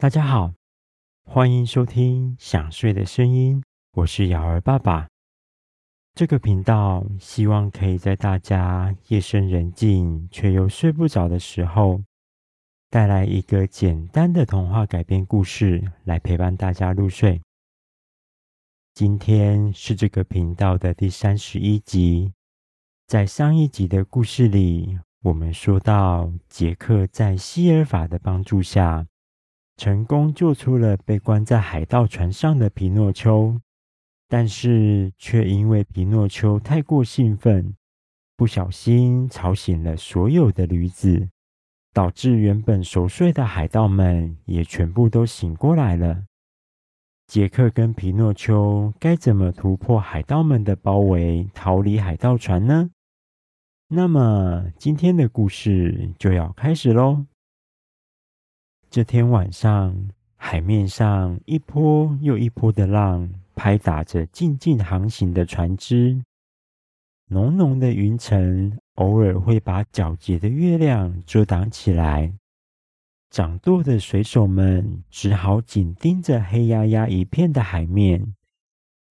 大家好，歡迎收聽《想睡的聲音》，我是堯兒爸爸。這個頻道希望可以在大家夜深人靜卻又睡不着的時候，帶來一個簡單的童話改編故事，來陪伴大家入睡。今天是這個頻道的第三十一集。在上一集的故事裡，我們說到傑克在西爾法的幫助下，成功救出了被關在海盜船上的皮諾丘，但是卻因為皮諾丘太過興奮，不小心吵醒了所有的驢子，導致原本熟睡的海盜們也全部都醒過來了。傑克跟皮諾丘該怎麼突破海盜們的包圍，逃離海盜船呢？那麼今天的故事就要開始嘍。這天晚上，海面上一波又一波的浪拍打着靜靜航行的船隻。濃濃的雲層偶爾會把皎潔的月亮遮擋起來，掌舵的水手們只好緊盯着黑壓壓一片的海面，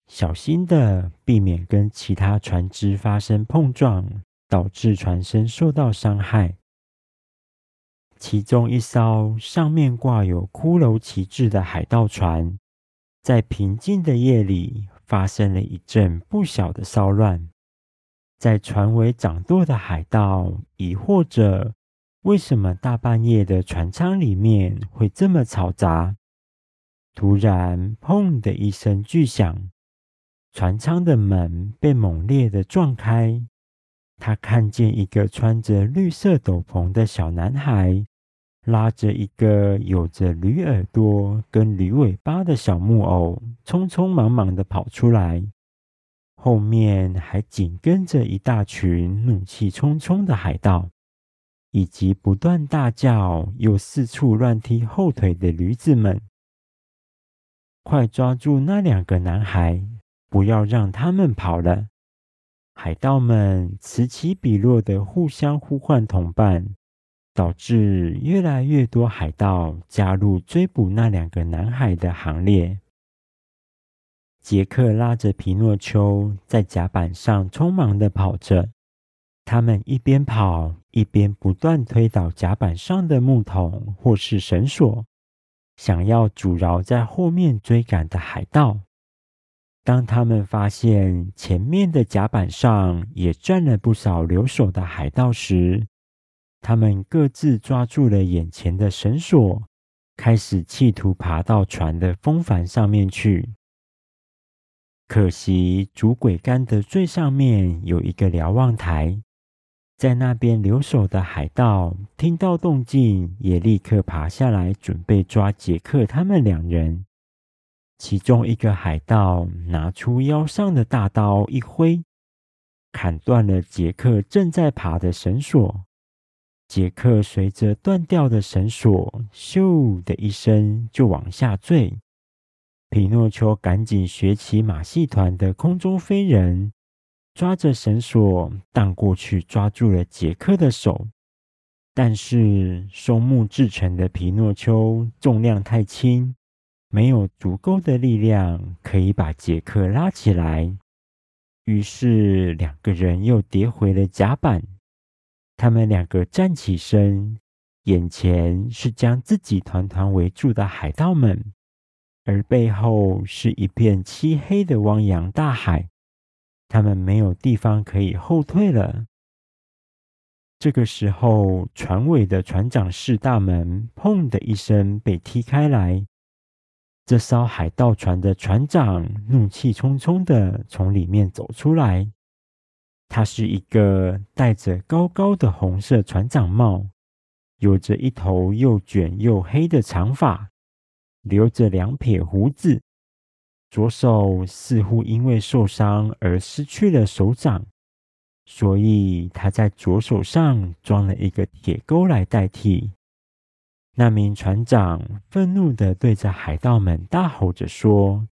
小心地避免跟其他船隻發生碰撞，導致船身受到傷害。其中一艘上面掛有骷髏旗幟的海盜船，在平靜的夜裡發生了一陣不小的騷亂。在船尾掌舵的海盜疑惑着，為什麼大半夜的船艙裡面會這麼嘈雜？突然，砰的一聲巨響，船艙的門被猛烈地撞開。他看見一個穿着綠色斗篷的小男孩，拉着一個有着驢耳朵跟驢尾巴的小木偶，匆匆忙忙的跑出來，後面還緊跟着一大群怒氣沖沖的海盜，以及不斷大叫又四處亂踢後腿的驢子們。快抓住那兩個男孩，不要讓他們跑了！海盜們此起彼落地互相呼喚同伴，導致越來越多海盜加入追捕那兩個男孩的行列。傑克拉着皮諾丘在甲板上匆忙地跑着，他們一邊跑一邊不斷推倒甲板上的木桶或是繩索，想要阻撓在後面追趕的海盜。當他們發現前面的甲板上也站了不少留守的海盜時，他們各自抓住了眼前的繩索，開始企圖爬到船的風帆上面去。可惜主桅杆的最上面有一個瞭望台，在那邊留守的海盜聽到動靜，也立刻爬下來準備抓傑克他們兩人。其中一個海盜拿出腰上的大刀一揮，砍斷了傑克正在爬的繩索。傑克隨着斷掉的繩索“咻”的一聲就往下墜。皮諾丘趕緊學起馬戲團的空中飛人，抓着繩索蕩過去，抓住了傑克的手。但是松木製成的皮諾丘重量太輕。沒有足夠的力量可以把傑克拉起來，於是兩個人又跌回了甲板。他們兩個站起身，眼前是將自己團團圍住的海盜們，而背後是一片漆黑的汪洋大海。他們沒有地方可以後退了。這個時候，船尾的船長室大門“砰”的一聲被踢開來。這艘海盜船的船長怒氣沖沖的從裡面走出來。他是一個戴着高高的紅色船長帽，有着一頭又捲又黑的長髮，留着兩撇鬍子，左手似乎因為受傷而失去了手掌，所以他在左手上裝了一個鐵鈎來代替。那名船長憤怒地對着海盜們大吼着說：“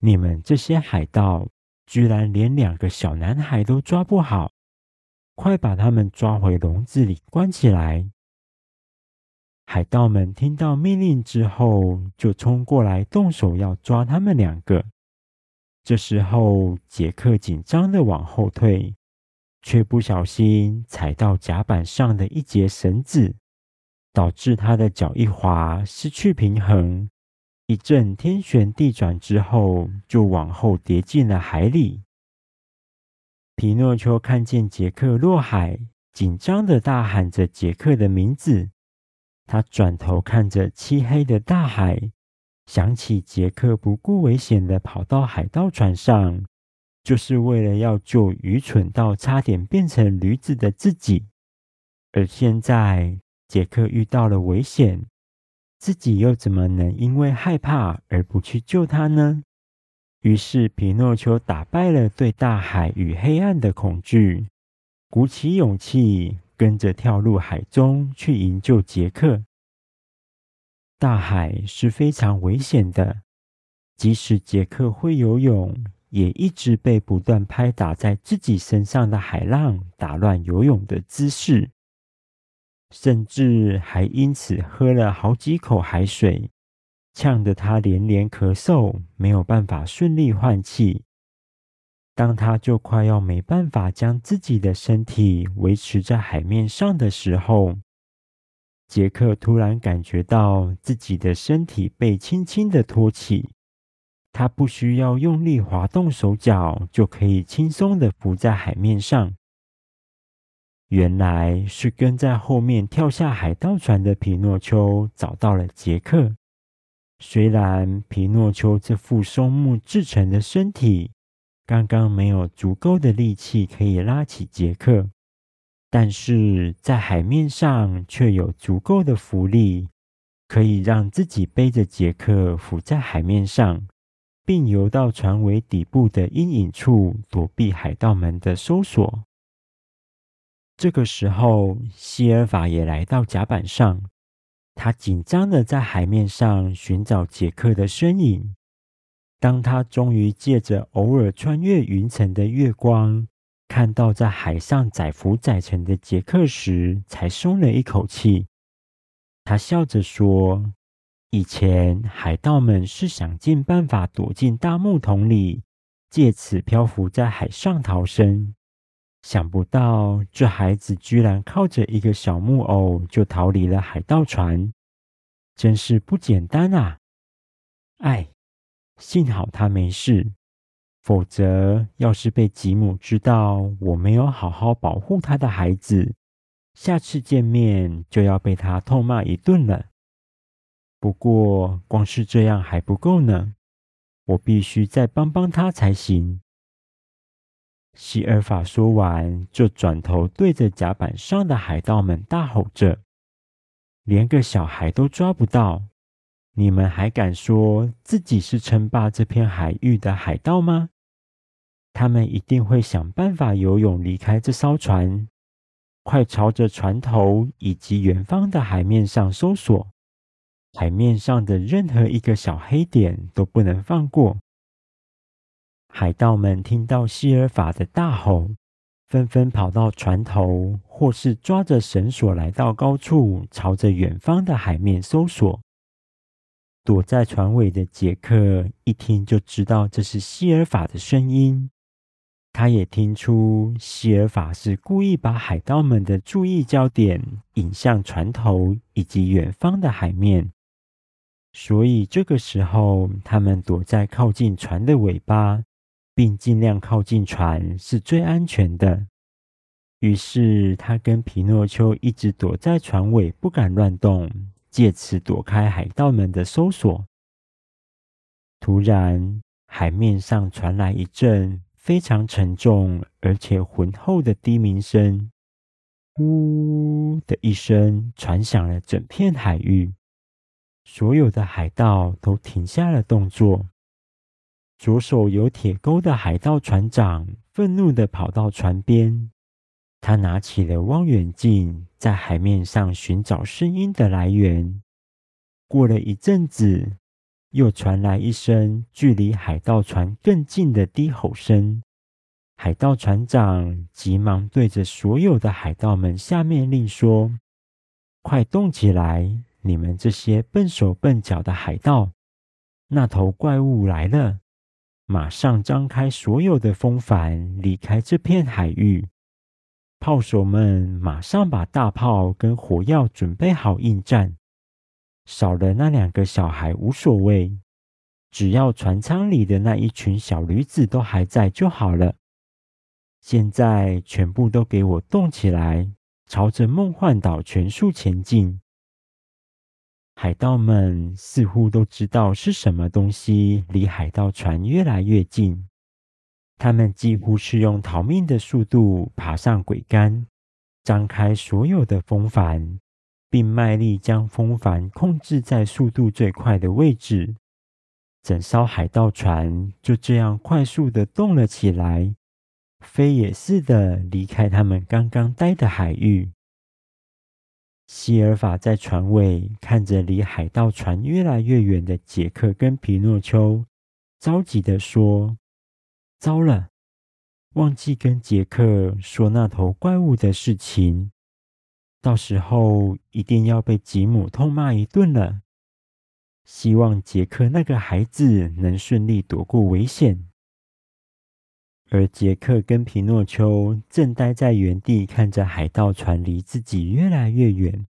你們這些海盜，居然連兩個小男孩都抓不好，快把他們抓回籠子裡關起來！”海盜們聽到命令之後，就衝過來動手要抓他們兩個。這時候，杰克緊張地往後退，卻不小心踩到甲板上的一截繩子。導致他的腳一滑，失去平衡，一陣天旋地轉之後，就往後跌進了海裡。皮諾丘看見杰克落海，緊張地大喊着杰克的名字。他轉頭看着漆黑的大海，想起杰克不顧危險地跑到海盜船上，就是為了要救愚蠢到差點變成驢子的自己。而現在。傑克遇到了危險，自己又怎麼能因為害怕而不去救他呢？於是，皮諾丘打敗了對大海與黑暗的恐懼，鼓起勇氣，跟着跳入海中去營救傑克。大海是非常危險的，即使傑克會游泳，也一直被不斷拍打在自己身上的海浪打亂游泳的姿勢。甚至還因此喝了好幾口海水，嗆得他連連咳嗽，沒有辦法順利換氣。當他就快要沒辦法將自己的身體維持在海面上的時候，傑克突然感覺到自己的身體被輕輕的托起，他不需要用力滑動手腳，就可以輕鬆的浮在海面上。原來是跟在後面跳下海盜船的皮諾丘找到了傑克。雖然皮諾丘這副松木製成的身體剛剛沒有足夠的力氣可以拉起傑克，但是在海面上卻有足夠的浮力，可以讓自己背着傑克浮在海面上，並遊到船尾底部的陰影處躲避海盜們的搜索。這個時候，西爾法也來到甲板上。他緊張地在海面上尋找杰克的身影。當他終於借着偶爾穿越雲層的月光，看到在海上載浮載沉的杰克時，才鬆了一口氣。他笑着說：“以前海盜們是想盡辦法躲進大木桶裡，借此漂浮在海上逃生。”想不到這孩子居然靠着一個小木偶，就逃離了海盜船，真是不簡單啊！哎，幸好他沒事，否則要是被吉姆知道我沒有好好保護他的孩子，下次見面就要被他痛罵一頓了。不過光是這樣還不夠呢，我必須再幫幫他才行。西爾法說完，就轉頭對着甲板上的海盜們大吼着：“連個小孩都抓不到，你們還敢說自己是稱霸這片海域的海盜嗎？”他們一定會想辦法游泳離開這艘船。快朝着船頭以及遠方的海面上搜索，海面上的任何一個小黑點都不能放過。海盜們聽到西爾法的大吼，紛紛跑到船頭，或是抓着繩索來到高處，朝着遠方的海面搜索。躲在船尾的傑克一聽就知道這是西爾法的聲音，他也聽出西爾法是故意把海盜們的注意焦點引向船頭以及遠方的海面，所以這個時候他們躲在靠近船的尾巴，並盡量靠近船是最安全的。於是，他跟皮諾丘一直躲在船尾，不敢亂動，借此躲開海盜們的搜索。突然，海面上傳來一陣非常沉重而且渾厚的低鳴聲，嗚嗚的一聲，傳響了整片海域。所有的海盜都停下了動作。左手有鐵鈎的海盜船長憤怒的跑到船邊，他拿起了望遠鏡，在海面上尋找聲音的來源。過了一陣子，又傳來一聲距離海盜船更近的低吼聲。海盜船長急忙對着所有的海盜們下命令說：“快動起來，你們這些笨手笨腳的海盜！那頭怪物來了！”馬上張開所有的風帆，離開這片海域。炮手們馬上把大炮跟火藥準備好應戰。少了那兩個小孩無所謂，只要船艙裡的那一群小驢子都還在就好了。現在全部都給我動起來，朝着夢幻島全速前進！海盜們似乎都知道是什麼東西離海盜船越來越近，他們幾乎是用逃命的速度爬上桅桿，張開所有的風帆，並賣力將風帆控制在速度最快的位置。整艘海盜船就這樣快速的動了起來，飛也似的離開他們剛剛待的海域。西爾法在船尾看着離海盜船越來越遠的傑克跟皮諾丘，着急地說：“糟了，忘記跟傑克說那頭怪物的事情，到時候一定要被吉姆痛罵一頓了。希望傑克那個孩子能順利躲過危險。”而傑克跟皮諾丘正待在原地，看着海盜船離自己越來越遠。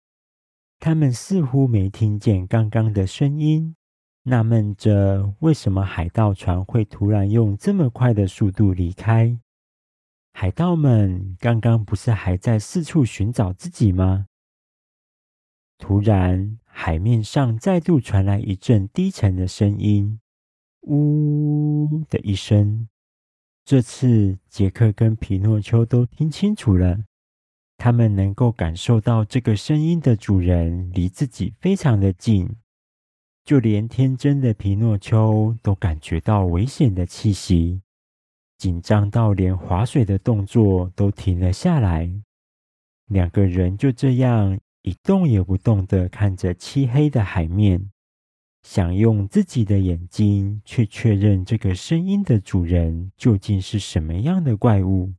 他們似乎沒聽見剛剛的聲音，納悶着為什麼海盜船會突然用這麼快的速度離開。海盜們剛剛不是還在四處尋找自己嗎？突然，海面上再度傳來一陣低沉的聲音，“嗚嗚”的一聲。這次，傑克跟皮諾丘都聽清楚了。他們能夠感受到這個聲音的主人離自己非常的近，就連天真的皮諾丘都感覺到危險的氣息，緊張到連划水的動作都停了下來。兩個人就這樣一動也不動的看着漆黑的海面。想用自己的眼睛去確認這個聲音的主人究竟是什麼樣的怪物。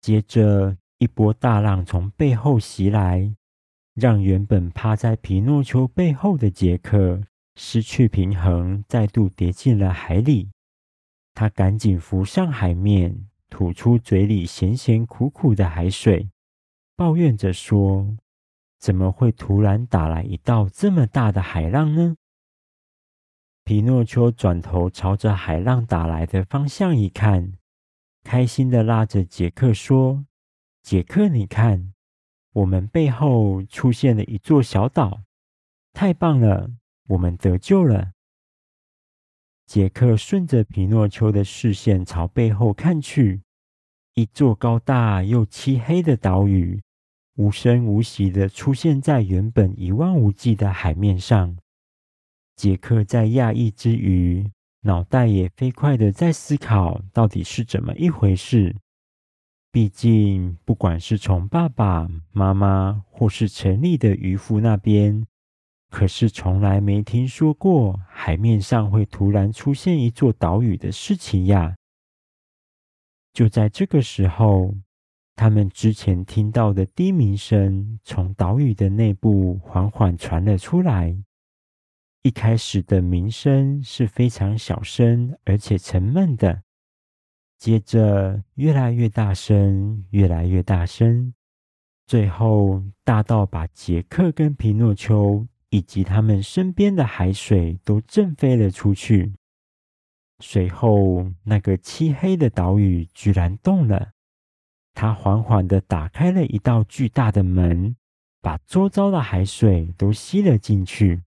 接着，一波大浪從背後襲來，讓原本趴在皮諾丘背後的傑克失去平衡，再度跌進了海裡。他趕緊浮上海面，吐出嘴裡鹹鹹苦苦的海水，抱怨着說。怎麼會突然打來一道這麼大的海浪呢？皮諾丘轉頭朝着海浪打來的方向一看，開心地拉着傑克說：“傑克，你看，我們背後出現了一座小島，太棒了，我們得救了。”傑克順着皮諾丘的視線朝背後看去，一座高大又漆黑的島嶼。無聲無息的出現在原本一望無際的海面上，傑克在訝異之餘，腦袋也飛快的在思考到底是怎麼一回事。畢竟，不管是從爸爸媽媽或是城裡的漁夫那邊，可是從來沒聽說過海面上會突然出現一座島嶼的事情呀。就在這個時候。他們之前聽到的低鳴聲從島嶼的內部緩緩傳了出來。一開始的鳴聲是非常小聲，而且沉悶的。接着越來越大聲，越來越大聲，最後大到把傑克跟皮諾丘以及他們身邊的海水都震飛了出去。隨後，那個漆黑的島嶼居然動了。他緩緩地打開了一道巨大的門，把周遭的海水都吸了進去。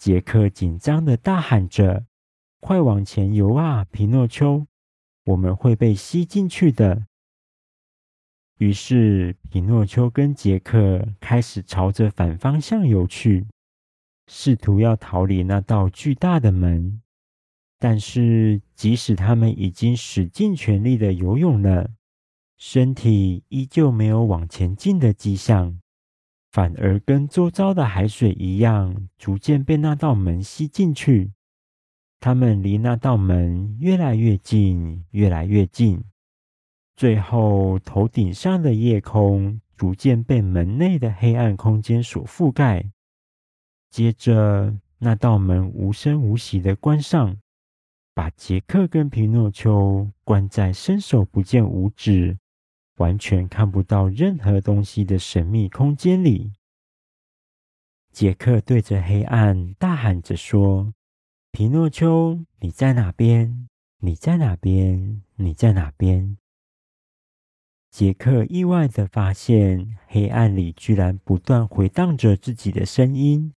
傑克緊張地大喊着：“快往前游啊，皮諾丘！我們會被吸進去的。”於是，皮諾丘跟傑克開始朝着反方向游去，試圖要逃離那道巨大的門。但是，即使他們已經使盡全力地游泳了，身體依舊沒有往前進的跡象，反而跟周遭的海水一樣，逐漸被那道門吸進去。他們離那道門越來越近，越來越近。最後，頭頂上的夜空逐漸被門內的黑暗空間所覆蓋。接着，那道門無聲無息地關上，把傑克跟皮諾丘關在伸手不見五指，完全看不到任何東西的神秘空間裡，傑克對着黑暗大喊着說：“皮諾丘，你在哪邊？你在哪邊？你在哪邊？”傑克意外的發現，黑暗裡居然不斷回蕩着自己的聲音，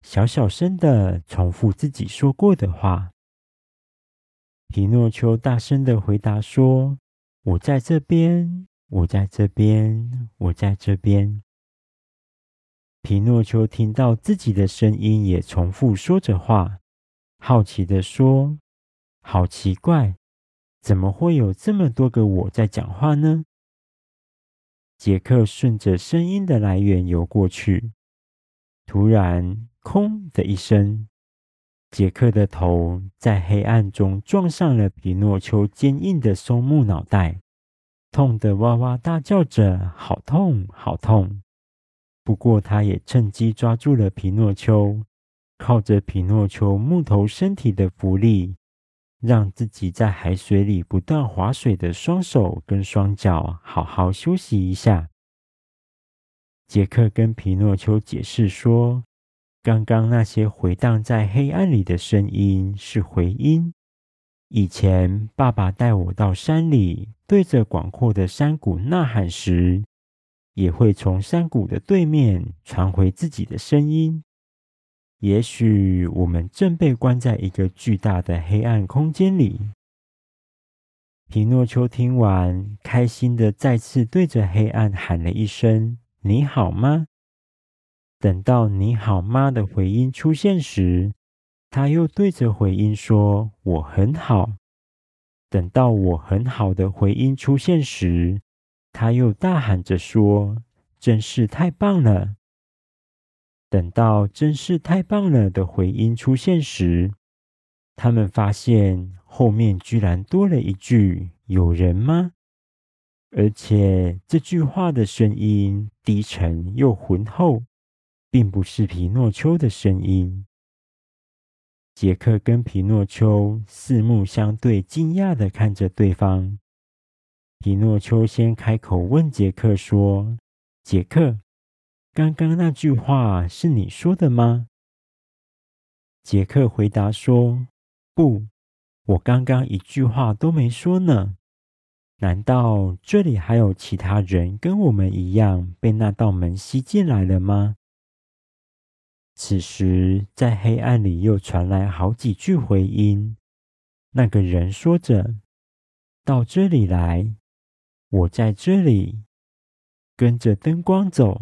小小聲的重複自己說過的話。皮諾丘大聲的回答說：“我在這邊。”我在這邊，我在這邊。皮諾丘聽到自己的聲音，也重複說着話，好奇地說：“好奇怪，怎麼會有這麼多個我在講話呢？”杰克順着聲音的來源游過去，突然“空”的一聲，杰克的頭在黑暗中撞上了皮諾丘堅硬的松木腦袋。痛得哇哇大叫着，好痛，好痛！不過他也趁機抓住了皮諾丘，靠着皮諾丘木頭身體的浮力，讓自己在海水裡不斷划水的雙手跟雙腳好好休息一下。傑克跟皮諾丘解釋說，剛剛那些回盪在黑暗裡的聲音是回音。以前，爸爸帶我到山裡，對着廣闊的山谷吶喊時，也會從山谷的對面傳回自己的聲音。也許我們正被關在一個巨大的黑暗空間裡。皮諾丘聽完，開心地再次對着黑暗喊了一聲：“你好嗎？”等到“你好嗎”的回音出現時。他又對着回音說：“我很好。”等到我很好的回音出現時，他又大喊着說：“真是太棒了！”等到“真是太棒了”的回音出現時，他們發現後面居然多了一句“有人嗎？”而且這句話的聲音低沉又渾厚，並不是皮諾丘的聲音。傑克跟皮諾丘四目相對，驚訝地看着對方。皮諾丘先開口問傑克說：“傑克，剛剛那句話是你說的嗎？”傑克回答說：“不，我剛剛一句話都沒說呢。難道這裡還有其他人跟我們一樣被那道門吸進來了嗎？”此時，在黑暗裡又傳來好幾句回音。那個人說着：“到這裡來，我在這裡，跟着燈光走。”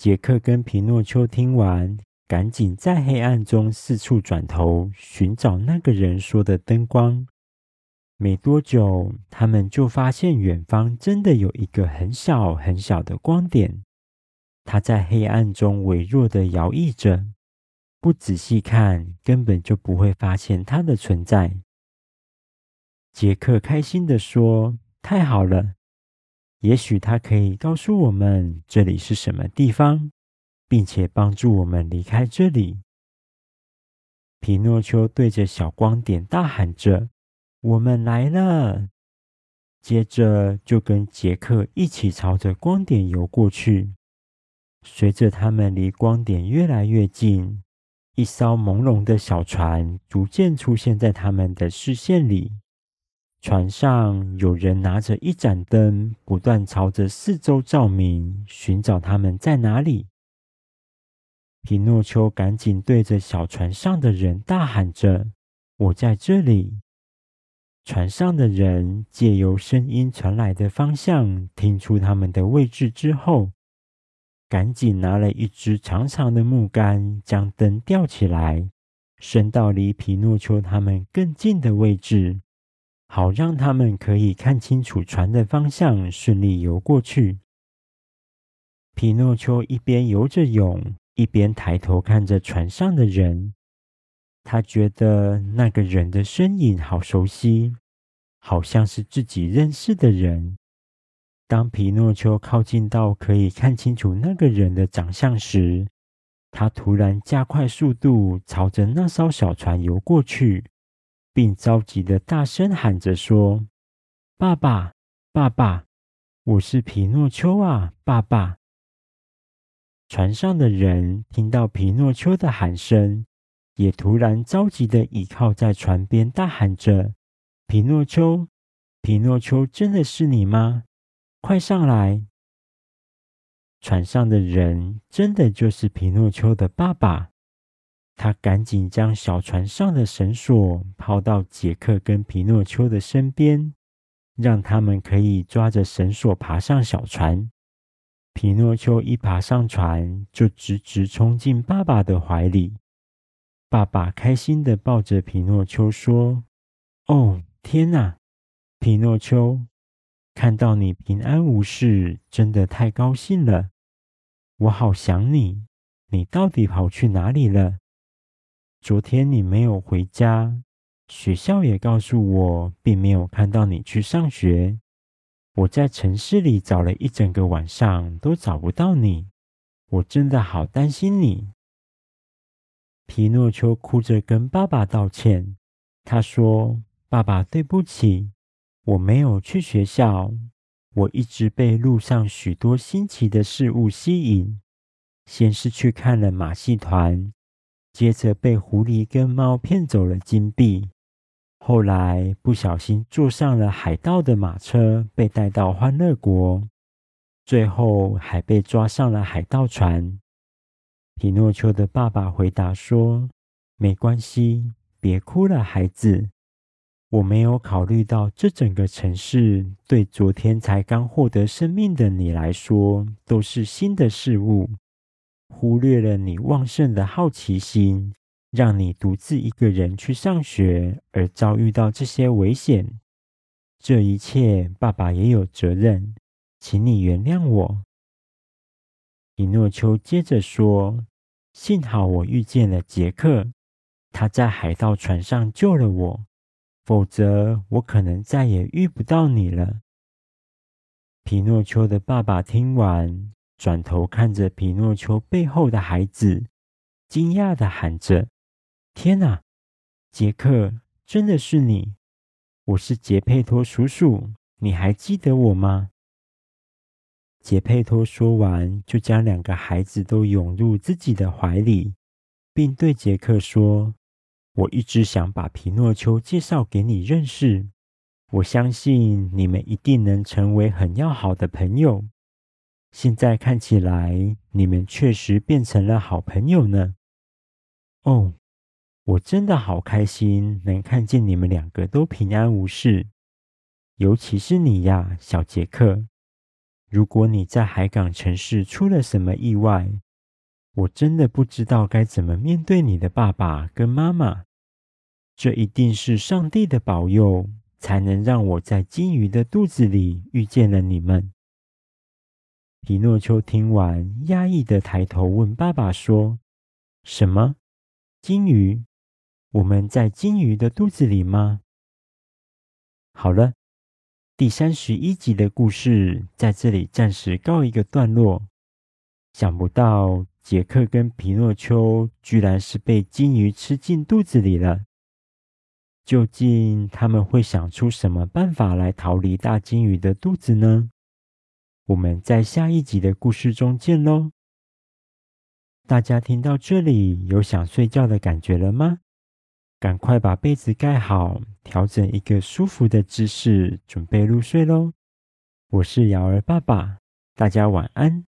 傑克跟皮諾丘聽完，趕緊在黑暗中四處轉頭尋找那個人說的燈光。沒多久，他們就發現遠方真的有一個很小很小的光點。它在黑暗中微弱地搖曳着，不仔細看根本就不會發現它的存在。傑克開心地說：“太好了，也許它可以告訴我們這裡是什麼地方，並且幫助我們離開這裡。”皮諾丘對着小光點大喊着：“我們來了！”接着就跟傑克一起朝着光點游過去。隨着他們離光點越來越近，一艘朦朧的小船逐漸出現在他們的視線裡。船上有人拿着一盞燈，不斷朝着四周照明，尋找他們在哪裡。皮諾丘趕緊對着小船上的人大喊着：“我在這裡！”船上的人借由聲音傳來的方向，聽出他們的位置之後，趕緊拿了一支長長的木杆，將燈吊起來，伸到離皮諾丘他們更近的位置，好讓他們可以看清楚船的方向，順利游過去。皮諾丘一邊游着泳，一邊抬頭看着船上的人，他覺得那個人的身影好熟悉，好像是自己認識的人。當皮諾丘靠近到可以看清楚那個人的長相時，他突然加快速度，朝着那艘小船游過去，並着急的大聲喊着說：“爸爸，爸爸，我是皮諾丘啊，爸爸。”船上的人聽到皮諾丘的喊聲，也突然着急地倚靠在船邊，大喊着：“皮諾丘，皮諾丘，真的是你嗎？”快上來！船上的人真的就是皮諾丘的爸爸。他趕緊將小船上的繩索拋到傑克跟皮諾丘的身邊，讓他們可以抓着繩索爬上小船。皮諾丘一爬上船，就直直衝進爸爸的懷裡。爸爸開心地抱着皮諾丘說：“哦，天哪，皮諾丘！”看到你平安無事，真的太高興了！我好想你，你到底跑去哪裡了？昨天你沒有回家，學校也告訴我，並沒有看到你去上學。我在城市裡找了一整個晚上，都找不到你，我真的好擔心你。皮諾丘哭着跟爸爸道歉，他說：“爸爸，對不起。”我沒有去學校，我一直被路上許多新奇的事物吸引。先是去看了馬戲團，接着被狐狸跟貓騙走了金幣，後來不小心坐上了海盜的馬車，被帶到歡樂國，最後還被抓上了海盜船。皮諾丘的爸爸回答說：“沒關係，別哭了，孩子。”我沒有考慮到這整個城市對昨天才剛獲得生命的你來說都是新的事物，忽略了你旺盛的好奇心，讓你獨自一個人去上學而遭遇到這些危險。這一切，爸爸也有責任，請你原諒我。皮諾丘接着說：“幸好我遇見了傑克，他在海盜船上救了我。”否則，我可能再也遇不到你了。皮諾丘的爸爸聽完，轉頭看着皮諾丘背後的孩子，驚訝地喊着：“天哪，杰克，真的是你！我是杰佩托叔叔，你還記得我嗎？”杰佩托說完，就將兩個孩子都擁入自己的懷裡，並對杰克說。我一直想把皮諾丘介紹給你認識，我相信你們一定能成為很要好的朋友。現在看起來，你們確實變成了好朋友呢。哦，我真的好開心能看見你們兩個都平安無事，尤其是你呀，小傑克。如果你在海港城市出了什麼意外，我真的不知道該怎麼面對你的爸爸跟媽媽。這一定是上帝的保佑，才能讓我在鯨魚的肚子裡遇見了你們。皮諾丘聽完，訝異地抬頭問爸爸說：“什麼？鯨魚？我們在鯨魚的肚子裡嗎？”好了，第三十一集的故事在這裡暫時告一個段落。想不到。杰克跟皮諾丘居然是被鯨魚吃進肚子裡了，究竟他們會想出什麼辦法來逃離大鯨魚的肚子呢？我們在下一集的故事中見嘍！大家聽到這裡有想睡覺的感覺了嗎？趕快把被子蓋好，調整一個舒服的姿勢，準備入睡嘍！我是堯兒爸爸，大家晚安。